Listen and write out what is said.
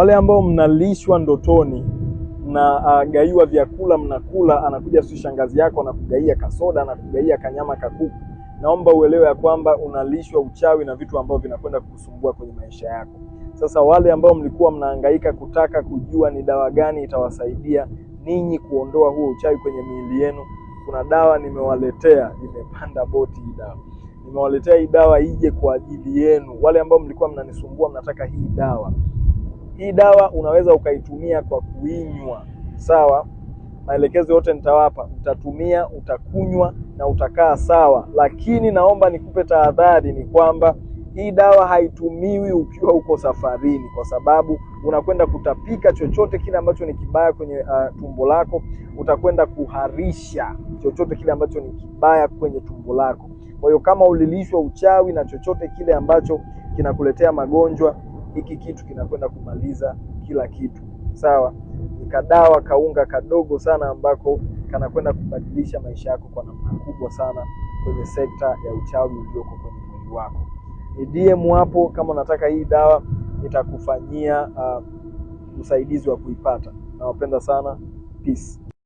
Wale ambao mnalishwa ndotoni na agaiwa vyakula mnakula, anakuja si shangazi yako anakugaia kasoda, anakugaia kanyama kakuku, naomba uelewe ya kwamba unalishwa uchawi na vitu ambavyo vinakwenda kukusumbua kwenye maisha yako. Sasa wale ambao mlikuwa mnahangaika kutaka kujua ni dawa gani itawasaidia ninyi kuondoa huo uchawi kwenye miili yenu, kuna dawa nimewaletea, imepanda boti hii dawa nimewaletea hii dawa ije kwa ajili yenu. Wale ambao mlikuwa mnanisumbua, mnataka hii dawa hii dawa unaweza ukaitumia kwa kuinywa, sawa. Maelekezo yote nitawapa, utatumia, utakunywa na utakaa sawa, lakini naomba nikupe tahadhari, ni kwamba hii dawa haitumiwi ukiwa uko safarini, kwa sababu unakwenda kutapika chochote kile ambacho ni kibaya kwenye uh, tumbo lako. Utakwenda kuharisha chochote kile ambacho ni kibaya kwenye tumbo lako. Kwa hiyo kama ulilishwa uchawi na chochote kile ambacho kinakuletea magonjwa hiki kitu kinakwenda kumaliza kila kitu sawa. Ni kadawa kaunga kadogo sana ambako kanakwenda kubadilisha maisha yako kwa namna kubwa sana kwenye sekta ya uchawi ulioko kwenye mwili wako. Ni DM hapo kama unataka hii dawa, nitakufanyia uh, ah, usaidizi wa kuipata. Nawapenda sana, peace.